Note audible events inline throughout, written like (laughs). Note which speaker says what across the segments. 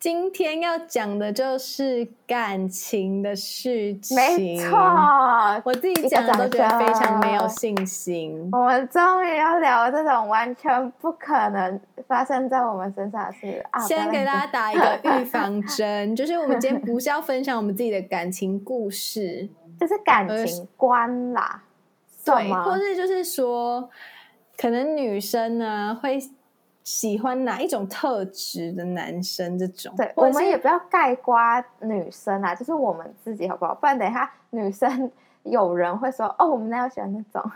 Speaker 1: 今天要講的就是感情的事情，沒錯，我自己講的都覺得非常沒有信心。我們終於要聊這種完全不可能發生在我們身上的事啊！先給大家打一個預防針， (laughs) 就是我們今天不是要分享我們自己的感情故事，就是感情觀啦，就是、嗎對，或是就是說，可能女生呢會。喜歡哪一種特質的男生？這種，對，我們也不要概括女
Speaker 2: 生啊，就是我們自己好不好？不然等一下女生有人會說哦，我們哪有喜歡那
Speaker 1: 種，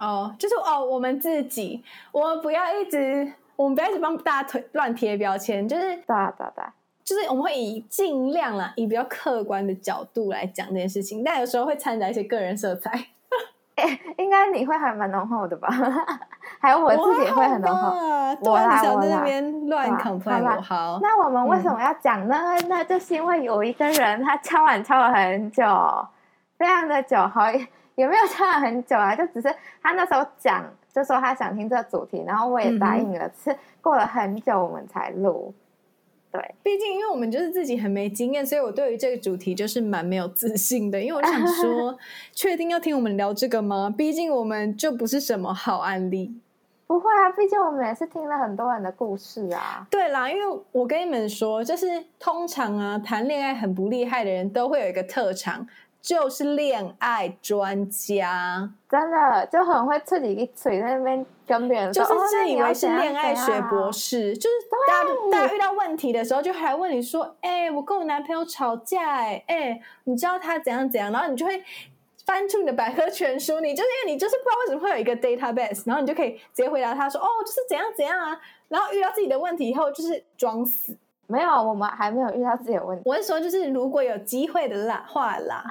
Speaker 1: 哦，就是哦，我們自己，我們不要一直，我們不要一直幫大家推亂貼標籤，就是對、啊、對、啊、對、啊，就是我們會以盡量啦，以比較客觀的角度來講這件事情，但有時候會摻雜一些個人色彩。哎、欸，應該你會還蠻濃厚的吧？還有我自己也會很濃厚，我也不想在那邊亂 complain 好啦，
Speaker 2: 那我們為什麼要講呢？那就是因為有一個人他敲碗敲了很久，非常的久。好，有沒有敲了很久啊？就只是他那時候講，就說他想聽這個主題，然後我也答應了。是、嗯、過了
Speaker 1: 很久，我們才錄。畢竟，因為我們就是自己很沒經驗，所以我對於這個主題就是蠻沒有自信的。因為我想說， (laughs) 確定要聽我們聊這個嗎？畢竟我們就不是什麼好案例。不會啊，畢竟我們也是聽了很多人的故事啊。對啦，因為我跟你們說，就是通常啊，談戀愛很不厲害的人都會有一個特長，就是戀愛專家。真的就很會自己一嘴在那邊。跟別人說就是自以為是戀愛學博士，就是大家、啊、你大家遇到問題的時候，就還問你說：“哎、欸，我跟我男朋友吵架、欸，哎、欸、哎，你知道他怎樣怎樣？”然後你就會翻出你的百科全書，你就是因為你就是不知道為什麼會有一個 database，然後你就可以直接回答他說：“哦、喔，就是怎樣怎樣啊。”然後遇到自己的問題以後，就是裝死。沒有，我們還沒有遇到自己的問題。我是說，就是如果有機會的話啦。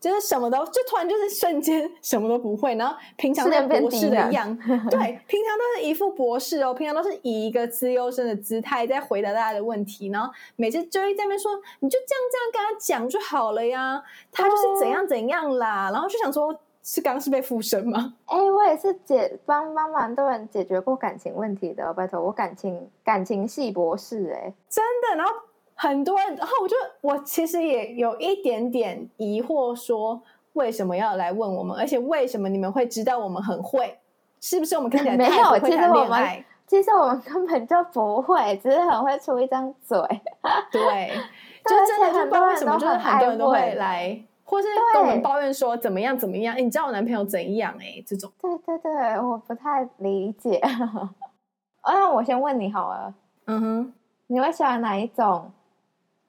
Speaker 1: 就是什麼都，就突然就是瞬間什麼都不會，然後平常像博士的一樣，迪迪 (laughs) 對，平常都是一副博士哦，平常都是以一個資優生的姿態在回答大家的問題，然後每次周一在那邊說，你就這樣這樣跟他講就好了呀，他就是怎樣怎樣啦，哦、然後就想說，是剛剛是被附身嗎？
Speaker 2: 哎、欸，我也是解幫幫很多人解決過感情問題的，拜託，我感情
Speaker 1: 感情系博士哎、欸，真的，然後。很多人，然、哦、後我就我其實也有一點點疑惑，說為什麼要來問我們？而且為什麼你們會知道我們很會？是不是我們看起來太會談戀愛？沒有，其實我們其實我們根本就不會，只是很會出一張嘴。對， (laughs) 對，就真的就不知道為什麼就是很，很，很多人都會來，對或是跟我們抱怨說怎麼樣怎麼樣？哎，你知道我男朋友怎樣？哎，這種對對對，
Speaker 2: 我不太理解。
Speaker 1: (laughs) 哦、那我先問你
Speaker 2: 好了，嗯哼，你會喜歡哪一種？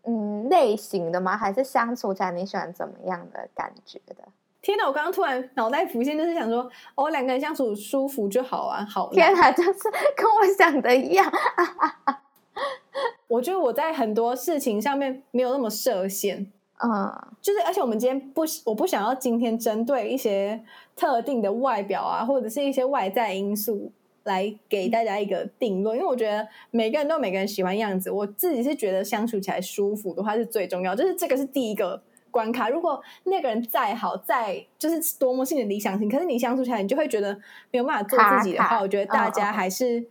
Speaker 2: 嗯，類型的嗎？還是相處起來你喜歡怎麼樣的感覺的？
Speaker 1: 天哪，我剛剛突然腦袋浮現，就是想說，哦，兩個人相處舒服就好啊，好。天哪，就是跟我想的一樣。 (laughs) 我覺得我在很多事情上面沒有那麼設限啊，嗯、就是而且我們今天不，我不想要今天針對一些特定的外表啊，或者是一些外在因素。來給大家一個定論，嗯、因為我覺得每個人都有每個人喜歡樣子，我自己是覺得相處起來舒服的話是最重要，就是這個是第一個關卡。如果那個人再好再就是多麼性的理想型，可是你相處起來你就會覺得沒有辦法做自己的話，卡卡我覺得大家還是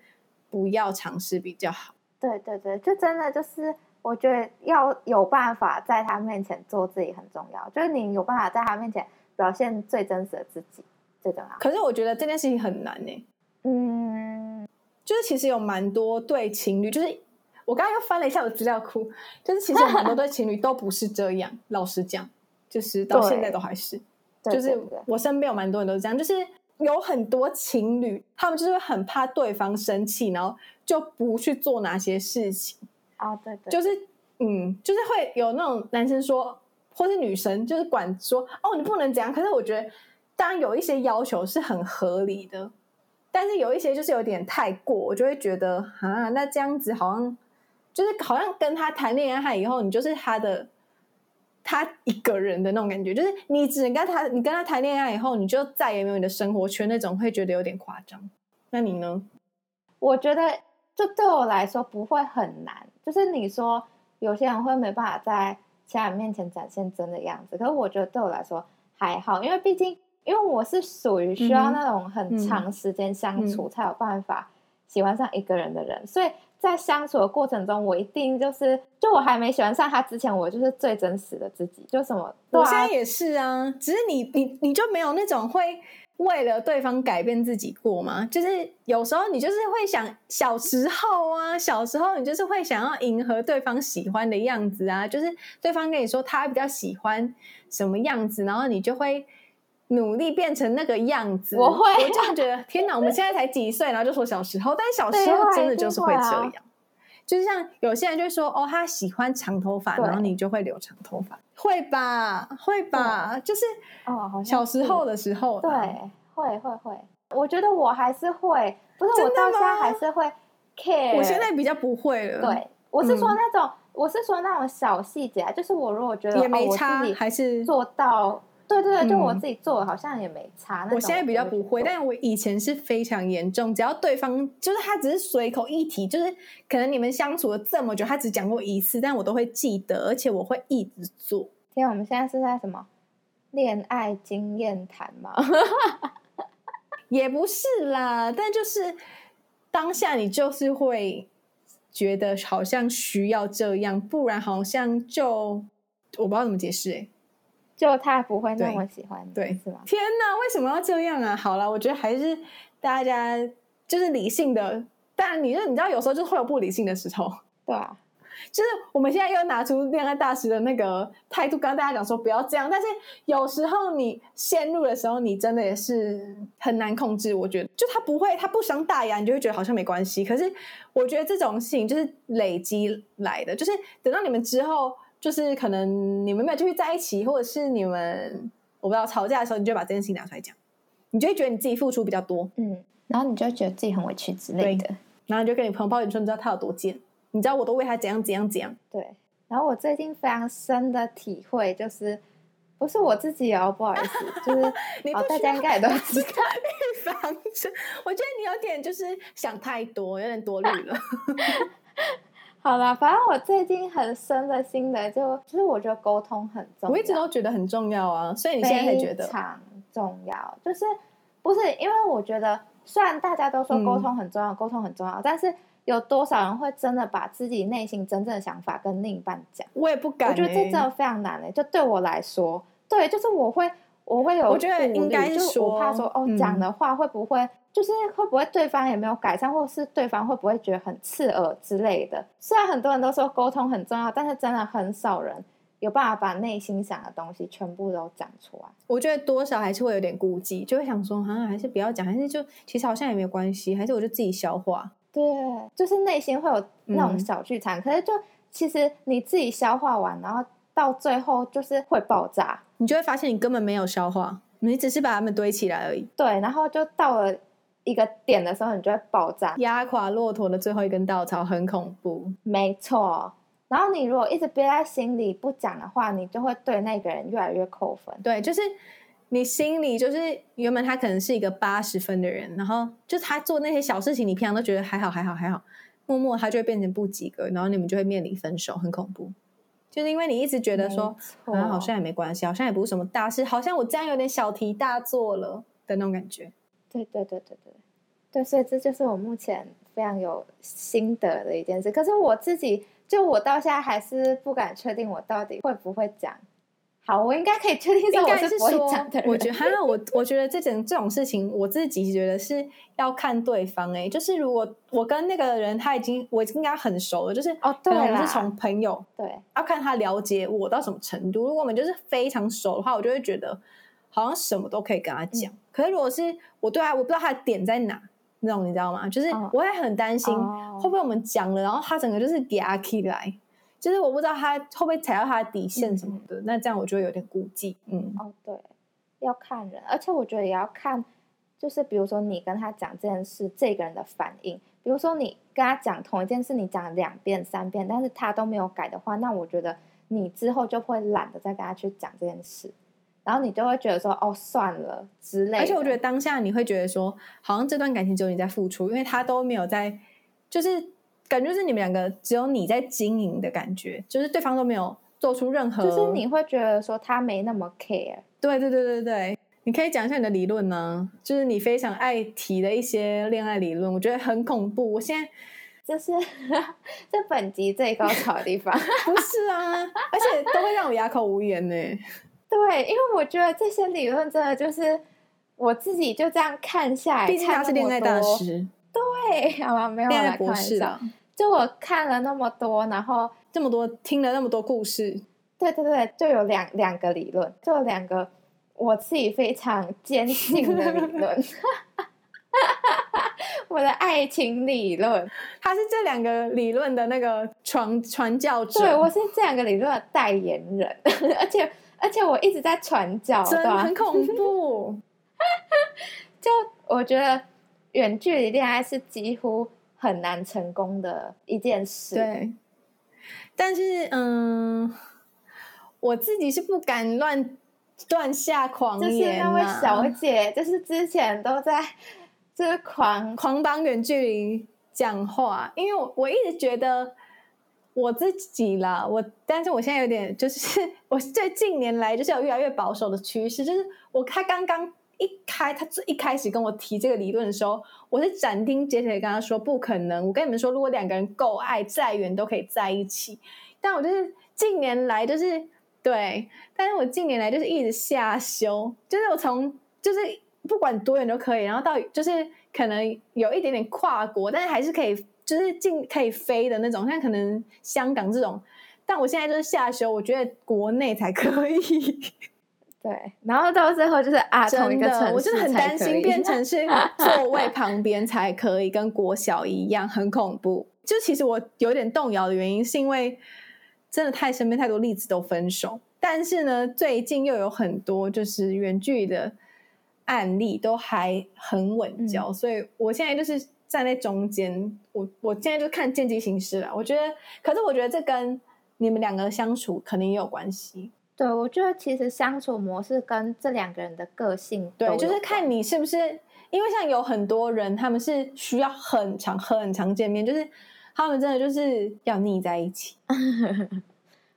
Speaker 1: 不要嘗試比較好
Speaker 2: 卡卡，嗯嗯。對對對，就真的就是我覺得要有辦法在他面前做自己很重要，就是你有辦法在他面前表現最真實的自己最
Speaker 1: 重要。可是我覺得這件事情很難呢，欸。嗯，就是其實有蠻多對情侶，就是我剛剛又翻了一下我的資料庫，就是其實很多對情侶都不是這樣。 (laughs) 老實講，就是到現在都還是，對就是我身邊有蠻多人都是這樣，就是有很多情侶，他們就是會很怕對方生氣，然後就不去做那些事情啊。對，對。就是嗯，就是會有那種男生說，或是女生就是管說哦，你不能這樣。可是我覺得，當然有一些要求是很合理的。但是有一些就是有點太過，我就會覺得啊，那這樣子好像就是好像跟他談戀愛以後，你就是他的他一個人的那種感覺，就是你只能跟他，你跟他談戀愛以後，你就再也沒有你的生活圈那種，會覺得有點誇張。那你呢？我覺得就
Speaker 2: 對我來說不會很難，就是你說有些人會沒辦法在其他人面前展現真的樣子，可是我覺得對我來說還好，因為畢竟。因為我是屬於需要那種很長時間相處才有辦法喜歡上一個人的人，嗯嗯嗯、所以在相處的過程中，我一定就是，就我還沒喜歡上他之前，我就是最真實的自己，就什麼，對啊、我現在
Speaker 1: 也是啊。只是你，你，你就沒有那種會為了對方改變自己過嗎？就是有時候你就是會想小時候啊，小時候你就是會想要迎合對方喜歡的樣子啊，就是對方跟你說他比較喜歡什麼樣子，然後你就會。努力變成那個樣子，我會，我這樣覺得。天哪，我們現在才幾歲？然後就說小時候，但是小時候真的就是會這樣，就是像有些人就說，哦，他喜歡長頭髮，然後你就會留長頭髮，會吧，會吧，就是哦，好像小時候的時候，對，
Speaker 2: 會會會，我覺得我還是會，不是我到現在還是會 care，我現在比較不會了。對，我是說那種，我是說那種小細節，就是我如果覺得也沒差，
Speaker 1: 還是做到。對對對，嗯，就我自己做，好像也沒差。那我現在比較不會，但我以前是非常嚴重。只要對方就是他，只是隨口一提，就是可能你們相處了這麼久，他只講過一次，但我都會記得，而且我會一直做。天啊，我們現在是在什麼戀愛經驗談嗎？ (laughs) 也不是啦，但就是當下你就是會覺得好像需要這樣，不然好像就我不知道怎麼解釋哎、欸。就他不會那麼喜歡你，對，對是吧嗎？天哪，為什麼要這樣啊？好了，我覺得還是大家就是理性的，但你就你知道，有時候就是會有不理性的時候，對啊。就是我們現在又拿出戀愛大師的那個態度，剛剛大家講說不要這樣，但是有時候你陷入的時候，你真的也是很難控制。我覺得，就他不會，他不想打壓，你就會覺得好像沒關係。可是我覺得這種性就是累積來的，就是等到你們之後。就是可能你們沒有繼續在一起，或者是你們我不要吵架的時候，你就把這件事情拿出來講，你就會覺得你自己付出比較多，嗯，然後你就會覺得自己很委屈之類的。對，然後你就跟你朋友抱怨說，你知道他有多賤，你知道我都為他怎樣怎樣怎樣，對。然後我最近非常深的體會就是，不是我自己哦，不好意思，就是 (laughs) 你不、哦、大家應該也都知道預防針，我覺得你有點就是想太多，有點多慮了。
Speaker 2: 好了，反正我最近很深了心的心得就，其、就、實、是、我覺得溝通很重要。我一直都
Speaker 1: 覺得很重要啊，所以你現在覺得非常
Speaker 2: 重要，就是不是因為我覺得，雖然大家都說溝通很重要，溝、嗯、通很重要，但是有多少人會真的把自己內心真正的想法跟另一半講？我也不敢、欸，我覺得這真的非常難的、欸。就對我來說，對，就是我會，我會有顧慮，我覺得應該就是，我怕說、嗯、哦，講的話會不會？就是會不會對方也沒有改善，或是對方會不會覺得很刺耳之類的？雖然很多人都說溝通很重要，但是真的很少人有辦法把內心
Speaker 1: 想的東西全部都講出來。我覺得多少還是會有點顧忌，就會想說好像、啊、還是不要講，還是就其實好像也沒有關係，還是我就自己消化。
Speaker 2: 對，就是內心會有那種小劇場，嗯哼。可是就其實你自己消化完，然後到最
Speaker 1: 後就是會爆炸，你就會發現你根本沒有消化，你只是把它們堆起來而已。對，然後就到了。一個點的時候，你就會爆炸，壓垮駱駝的最後一根稻草，很恐怖。
Speaker 2: 沒錯，然後你如果一直憋在心裡不講的話，你
Speaker 1: 就會對那個人越來越扣分。對，就是你心裡就是原本他可能是一個八十分的人，然後就他做那些小事情，你平常都覺得還好，還好，還好，默默他就會變成不及格，然後你們就會面臨分手，很恐怖。就是因為你一直覺得說，沒錯。啊、好像也沒關係，好像也不是什麼大事，好像我這樣有點小題大做了的那種感覺。對對對對對
Speaker 2: 對，對，所以這就是我目前非常有心得的一件事。可是我自己，就我到現在還是不敢確定我到底會不會講。
Speaker 1: 好，我應該可以確定，應該是，我是不會講的。我覺得哈，我我覺得這件這種事情，我自己覺得是要看對方，欸。哎，就是如果我跟那個人他已經，我已經應該很熟了，就是哦，對，我們是從朋友，哦、對，對，要看他了解我到什麼程度。如果我們就是非常熟的話，我就會覺得。好像什麼都可以跟他講，嗯、可是如果是我對啊，我不知道他的點在哪，那種你知道嗎？就是我也很擔心，會不會我們講了，嗯、然後他整個就是給阿 k 來，就是我不知道他會不會踩到他的底線什麼的。嗯、那這樣我就會有點顧忌，嗯。哦，
Speaker 2: 對，要看人，而且我覺得也要看，就是比如說你跟他講這件事，這個人的反應。比如說你跟他講同一件事，你講兩遍、三遍，但是他都沒有改的話，那我覺得你之後就會懶
Speaker 1: 得再跟他去講這件事。然後你就會覺得說哦算了之類，而且我覺得當下你會覺得說，好像這段感情只有你在付出，因為他都沒有在，就是感覺是你們兩個只有你在經營的感覺，就是對方都沒有做出任何，就是你會覺得說他沒那麼 care。對對對對對，你可以講一下你的理論呢、啊,就是你非常愛提的一些戀愛理論，我覺得很恐怖。我現在就是在 (laughs) 本集最高潮的地方， (laughs) 不是啊， (laughs) 而且都會讓我啞口無言呢。
Speaker 2: 對，因為我覺得這些理論真的就是我自己就這樣看下來看，畢竟他是戀愛大師，對，好吧，沒有戀愛博士的，就我看了那麼多，然後這麼多聽了那麼多故事，對對對，就有兩兩個理論，就有兩個我自己非常堅信的理論，
Speaker 1: (laughs) (laughs) 我的愛情理論，他是這兩個理論的那個傳傳教者，對我是這兩個理論的代言人，
Speaker 2: (laughs) 而且。而且我一直在傳教，真的、啊、很恐怖。 (laughs) (laughs) 就我覺得，遠距離戀愛是幾乎很難成功的一
Speaker 1: 件事。對。但是，嗯，我自己是不敢亂亂下狂言、啊、就是那位小姐，就是之前都在，就是狂狂幫遠距離講話，因為我我一直覺得。我自己啦，我但是我現在有點，就是我最近年來就是有越來越保守的趨勢，就是我他剛剛一開，他最一開始跟我提這個理論的時候，我是斬釘截鐵跟他說不可能。我跟你們說，如果兩個人夠愛，再遠都可以在一起。但我就是近年來就是對，但是我近年來就是一直下修，就是我從就是不管多遠都可以，然後到就是可能有一點點跨國，但是還是可以。就是進可以飛的那種，像可能香港這種，但我現在就是下修，我覺得國內才可以。對，然後到最後就是啊，同一個城市，真的，我就很擔心變成是座位旁邊才可以， (laughs) 跟國小一樣，很恐怖。就其實我有點動搖的原因，是因為真的太身邊太多例子都分手，但是呢，最近又有很多就是遠距離的案例都還很穩交，嗯、所以我現在就是。站在那中間，我我現在就看見機行事了。我覺得，可是我覺得這跟你們兩個相處肯定也有關係。對，我覺得其實相處模式跟這兩個人的個性，對，就是看你是不是，因為像有很多人，他們是需要很常、很常見面，就是他們真的就是要膩在一起。 (laughs)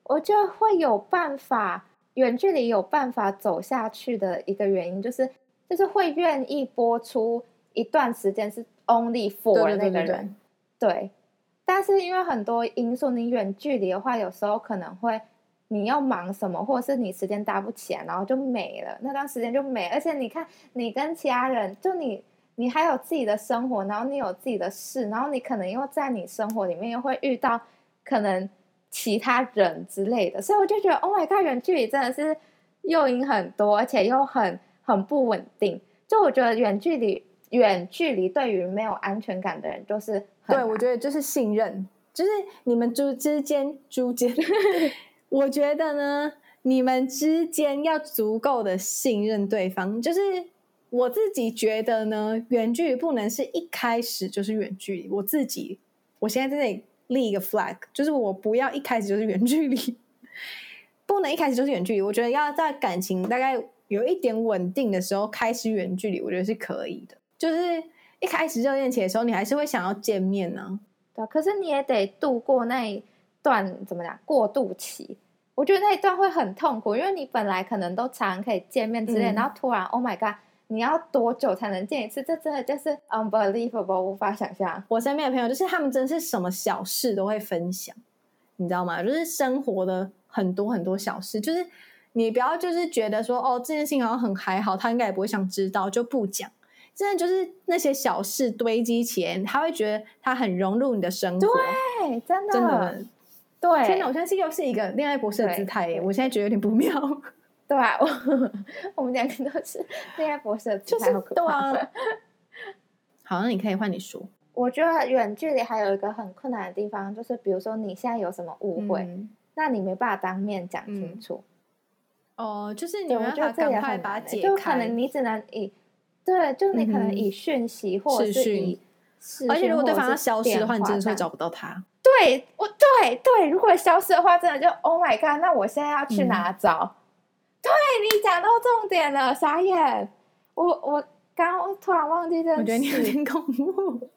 Speaker 1: 我覺得會有辦法，
Speaker 2: 遠距離有辦法走下去的一個原因，就是就是會願意播出一段時間是。Only for 對對對對對那個人，對，但是因為很多因素，你遠距離的話，有時候可能會你又忙什麼，或者是你時間搭不起來，然後就沒了，那段時間就沒了。而且你看，你跟其他人，就你你還有自己的生活，然後你有自己的事，然後你可能又在你生活裡面又會遇到可能其他人之類的。所以我就覺得，Oh my god，遠距離真的是誘因很多，而且又很很不穩定。就我覺得遠
Speaker 1: 距離。遠距離對於沒有安全感的人就是，對，我覺得就是信任，就是你們之之間之間， (laughs) 我覺得呢，你們之間要足夠的信任對方。就是我自己覺得呢，遠距離不能是一開始就是遠距離。我自己，我現在在這裡立一個 flag，就是我不要一開始就是遠距離，不能一開始就是遠距離。我覺得要在感情大概有一點穩定的時候開始遠距離，我覺得是可以的。就是一開始熱戀期的時候，你還是會想要見面呢、啊。對，可是你也得度過那一段怎麼講過渡期。我覺得那一段會很
Speaker 2: 痛苦，因為你本來可能都常可以見面之類，嗯、然後突然 Oh my God，你要多久才
Speaker 1: 能見一次？這真的就是 unbelievable，無法想象。我身邊的朋友就是他們，真是什麼小事都會分享，你知道嗎？就是生活的很多很多小事，就是你不要就是覺得說哦，這件事情好像很還好，他應該也不會想知道，就不講。真的就是那些小事堆積起來，他會覺得他很融入你的生活。對，真的，真的。對，天哪！我像是又是一個戀愛博士的姿態，我現在覺得有點不妙。對啊，我們兩個都是戀愛博士的姿態，就是對啊。好，那你可以換你說。
Speaker 2: 我覺得遠距離還有一個很困難的地方，就是比如說你現在有什麼誤會，那你沒辦法當面講清楚。
Speaker 1: 哦，就是你沒辦法趕快把它解開，可能你只能以。對，就
Speaker 2: 你可能以訊息或訊息，而且如果對方要消失的話，你真的會找不到他。對，我對對，如果消失的話，真的就 Oh my God！那我現在要去哪找？嗯、哼對，你講到重點了，傻眼！我我剛突然忘記這件事，我覺得你有點恐怖。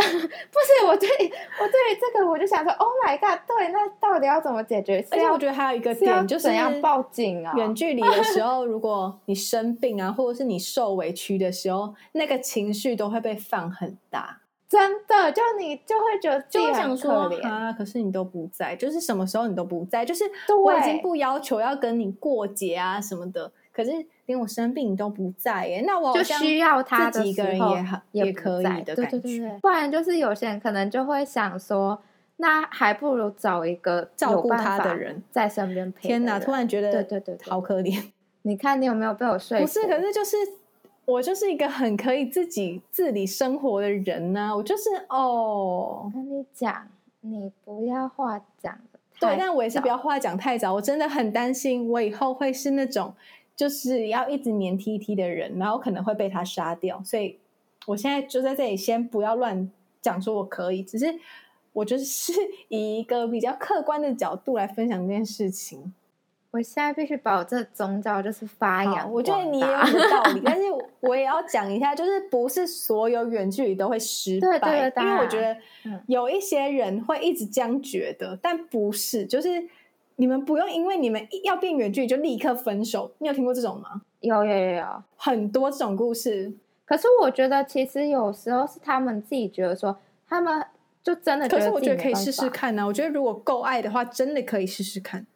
Speaker 2: (laughs) 不是我對，我對,我
Speaker 1: 對這個我就想說，Oh my God，對，那到底要怎麼解決？哎，而且我覺得還有一個點就是要報警啊。遠距離的時候， (laughs) 如果你生病啊，或者是你受委屈的時候，那個情緒都會被放很大。真的，就你就會覺得，就會想說啊，可是你都不在，就是什麼時候你都不在，就是我已經不要求要跟你過節啊什麼的，可是。因為我生病都不在耶，那我自己個人就需要他的時候也，在也可以的感覺。對對對，不然就是有些人可能就會想
Speaker 2: 說，那還不如找一個照顧他的人在身邊陪。天哪，突然覺得對對
Speaker 1: 好可憐。你看你有沒有被我睡？不是，可是就是我就是一個很可以自己自理生活的人呢、啊。我就是哦，我跟你講，你不要話講得太早，但我也是不要話講太早。我真的很擔心，我以後會是那種。就是要一直黏 TT 的人，然後可能會被他殺掉。所以，我現在就在這裡，先不要亂講，說我可以。只是我就是以一個比較客觀的角度來分享這件事情。我現在必須把我這個宗教就是發揚好，答我覺得你也有道理， (laughs) 但是我也要講一下，就是不是所有遠距離都會失敗，對,對的。因為我覺得有一些人會一直這樣覺得，但不是，就是。你們不用因為你們要變遠距離就立刻分手。你有聽過這種嗎？有有有有，有有有很多這種故事。可是我覺得其實有時候是他們自己覺得說，他們就真的，的。可是我覺得可以試試
Speaker 2: 看呢、啊。我覺得如果夠愛的話，真的可以試試看。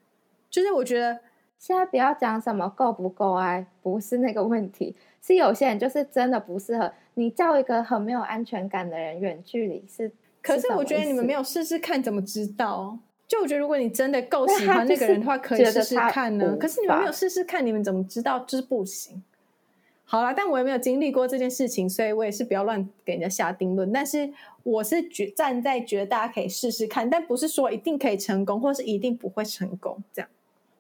Speaker 2: 就是我覺得現在不要講什麼夠不夠愛，不是那個問題。是有些人就是真的不適合。你叫一個很沒有安全感的人遠距離是。可是我覺得你們沒
Speaker 1: 有試試看，怎麼知道？嗯就我覺得，如果你真的夠喜歡那個人的話，可以試試看呢。是，可是你們沒有試試看，你們怎麼知道這是不行？好啦，但我也沒有經歷過這件事情，所以我也是不要亂給人家下定論。但是我是站，站在覺得大家可以試試看，但不是說一定可以成功，或是一定不會成功這樣。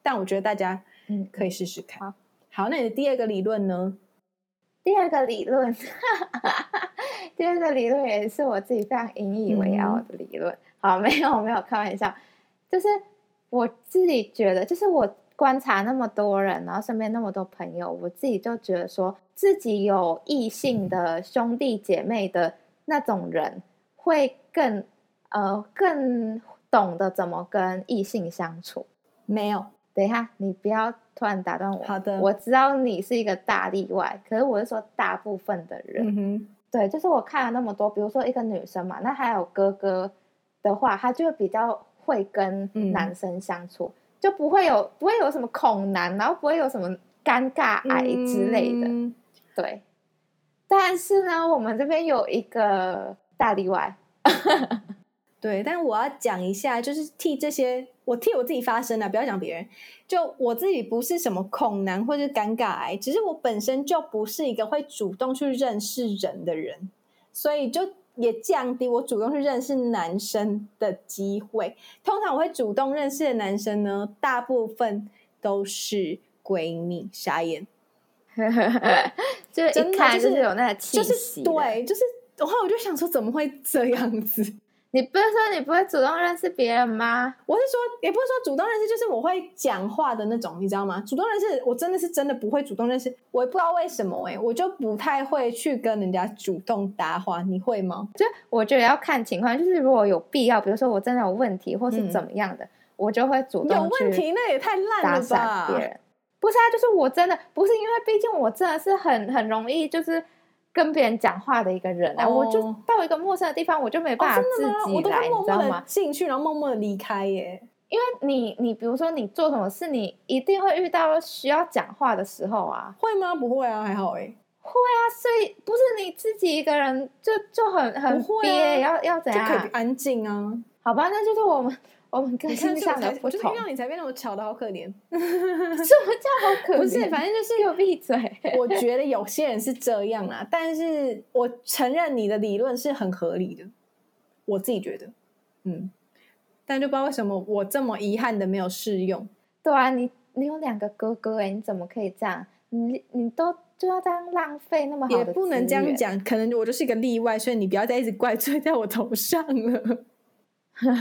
Speaker 1: 但我覺得大家嗯可以試試看。嗯、好，好，那你的第二個理論呢？第二個理
Speaker 2: 論哈哈，第二個理論也是我自己非常引以為傲的理論。嗯、好，沒有沒有開玩笑。就是我自己覺得，就是我觀察那麼多人，然後身邊那麼多朋友，我自己就覺得說，自己有異性的兄弟姐妹的那種人，會更呃更懂得怎麼跟異性相處。沒有，等一下，你不要突然打斷我。好的，我知道你是一個大例外，可是我是說大部分的人。嗯哼，對，就是我看了那麼多，比如說一個女生嘛，那還有哥哥的話，他就比較。會跟男生相處，嗯、就不會有不會有什麼恐男，然後不會有什麼尷尬癌之類的，嗯、對。
Speaker 1: 但是呢，我們這邊有一個大例外，對。但我要講一下，就是替這些我替我自己發聲啊！不要講別人，就我自己不是什麼恐男或是尷尬癌，其實我本身就不是一個會主動去認識人的人，所以就。也降低我主動去認識男生的機會。通常我會主動認識的男生呢，大部分都是閨蜜傻眼， (laughs) 對就一看的、就是、就是有那個氣息、就是，對，就是，然後我就想說，怎麼會這樣子？你不是說你不會主動認識別人嗎？我是說，也不是說主動認識，就是我會講話的那種，你知道嗎？主動認識，我真的是真的不會主動認識，我也不知道為什麼哎、欸，我就不太會去跟人家主動搭話。你會嗎？就我覺得要看情況，就是如果有必
Speaker 2: 要，比如說我真的有問題或是怎麼樣的，嗯、我就會主動去搭訕別人。
Speaker 1: 有問題？那也太爛了吧。
Speaker 2: 不是啊，就是我真的不是因為，畢竟我真的是很很容易就是。跟別人講話的一個人啊，我就到一個陌生的地方，oh. 我就沒辦法自己來，oh, 真的嗎你知道嗎？我都是默默的進去然後默默的離開耶，因為你你比如說你做什麼事，你一定會遇到需要講話的時候啊，會嗎？不會啊，還好哎、欸，會啊，所以不是你自己一個人就就很很不會、啊，要要怎樣？就可以安靜啊，
Speaker 1: 好吧，那就是我們。我就是遇到你才變那麼巧的好可憐。 (laughs) 什麼叫好可憐？ (laughs) 不是，反正就是閉嘴。 (laughs) 我覺得有些人是這樣啊，但是我承認你的理論是很合理的，我自己覺得，嗯。但就不知道為什麼我這麼遺憾的沒有適用。對啊，你你
Speaker 2: 有兩個哥哥哎、欸，你怎麼可以這樣？你你都就要這樣浪費那麼好的資源。也不能這樣講，
Speaker 1: 可能我就是一個例外，所以你不要再一直怪罪在我頭上了。
Speaker 2: (laughs)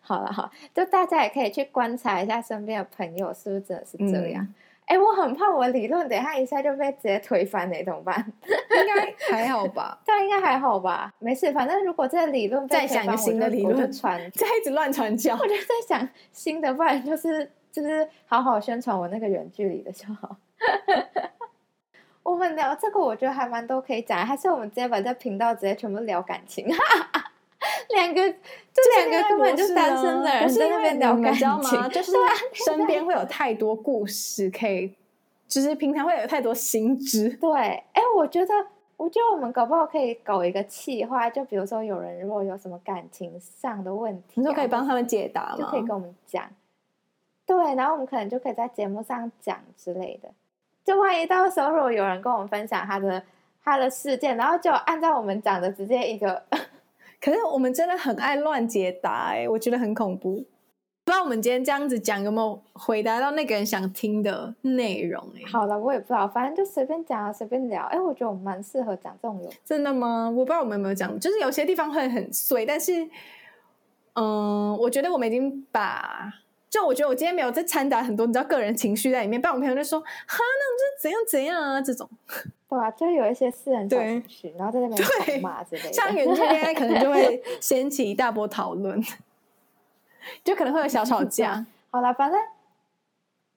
Speaker 2: 好了好，就大家也可以去觀察一下身邊的朋友是不是真的是這樣。哎、嗯欸，我很怕我的理論等一下一下就被直接推翻、欸，那怎麼辦？應該 (laughs) 還好吧？樣 (laughs) 應該還好吧？ (laughs) 沒事，反正如果這個理論被推翻，再想一個新的理論傳，再一直亂傳教。我就在想新的，不然就是就是好好宣傳我那個遠距離的就好。 (laughs) 我們聊這個，我覺得還蠻多可以講，還是我們直接把這頻道直接全部聊感情。 (laughs) 兩個，這兩個根本就單身的人在那邊聊感情嗎，就是
Speaker 1: 身邊會有太多故事可以，是吧就是平常會有太多心知。對，哎、欸，我覺得，
Speaker 2: 我覺得我們搞不好可以搞一個企劃，就比如說有人如果有什麼感情上的問題、啊，你就可以幫他們解答嗎，就可以跟我們講。對，然後我們可能就可以在節目上講之類的。就萬一到時候如果有人跟我們分享他的他的
Speaker 1: 事件，然後就按照我們講的直接一個。可是我們真的很愛亂解答，哎、欸，我覺得很恐怖。不知道我們今天這樣子講有沒有回答到那個人想聽的內容、欸、好了，我也不知道，反正就隨便講啊，隨便聊。哎、欸，我覺得我們蠻適合講這種有。真的嗎？我不知道我們有沒有講，就是有些地方會很碎，但是嗯、呃，我覺得我們已經把，就我覺得我今天沒有在摻雜很多你知道個人情緒在裡面。不然我們朋友就說：“哈，那你是怎樣怎樣啊？”這種。對啊，就有一些私人歌曲，對然後在那邊罵
Speaker 2: 之類的，像袁志應可能就會
Speaker 1: 掀起一大波討論， (laughs) 就可能會有小吵架。 (laughs) 好了，反正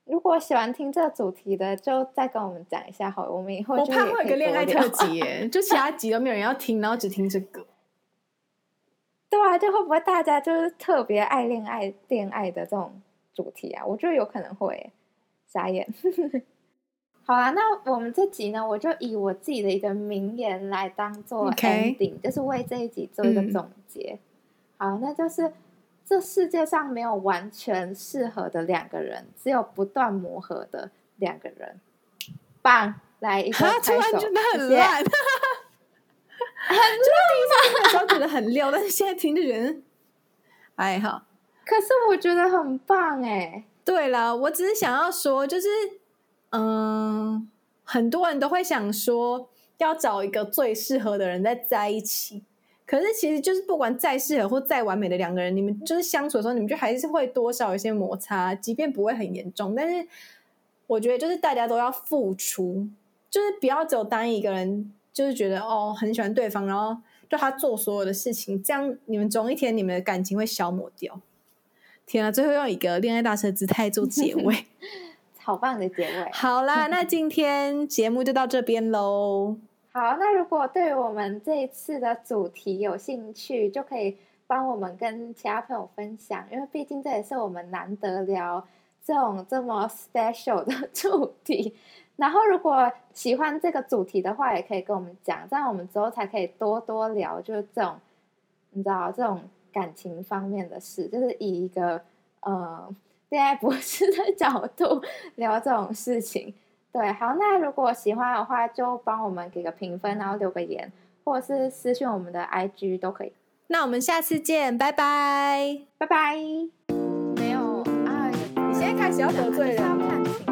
Speaker 1: 如果
Speaker 2: 喜歡聽這個主題的，就再跟我們講一下好，我們以後就我怕會有個戀愛特輯， (laughs)
Speaker 1: 就其他集都沒有人要聽，然後只聽這個。
Speaker 2: 對啊，就會不會大家就是特別愛戀愛戀愛的這種主題啊？我覺得有可能會眨眼。 (laughs) 好啊，那我們這集呢，我就以我自己的一個名言來當做 ending，Okay. 就是為這一集做一個總結。嗯、好，那就是這世界上沒有完全適合的兩個人，只有不斷磨合的兩個人。棒，來，啊，突然覺得很爛，謝
Speaker 1: 謝 (laughs) 很爛，剛剛覺得很溜，但是現在聽著覺得，哎哈。可是我覺得很棒哎、欸。對了，我只是想要說，就是。嗯，很多人都會想說要找一個最適合的人再在一起，可是其實就是不管再適合或再完美的兩個人，你們就是相處的時候，你們就還是會多少有些摩擦，即便不會很嚴重，但是我覺得就是大家都要付出，就是不要只有單一個人，就是覺得哦很喜歡對方，然後對他做所有的事情，這樣你們總一天你們的感情會消磨掉。天啊，最後用一個戀愛大師的姿態做結尾。 (laughs)
Speaker 2: 好棒的結尾！
Speaker 1: 好啦，那今天節目就到這邊嘍。 (laughs) 好，那
Speaker 2: 如果對於我們這一次的主題有興趣，就可以幫我們跟其他朋友分享，因為畢竟這也是我們難得聊這種這麼 special 的主題。然後，如果喜歡這個主題的話，也可以跟我們講，這樣我們之後才可以多多聊，就是這種你知道這種感情方面的事，就是以一個呃。現在博士的角度聊這種事情，對，好，那如果喜歡的話，就幫我們給個評分，然後留個言，或者是私訊我們的 IG 都可以。
Speaker 1: 那我們下次見，拜
Speaker 2: 拜，拜拜。沒有哎，你現在開始要得罪人。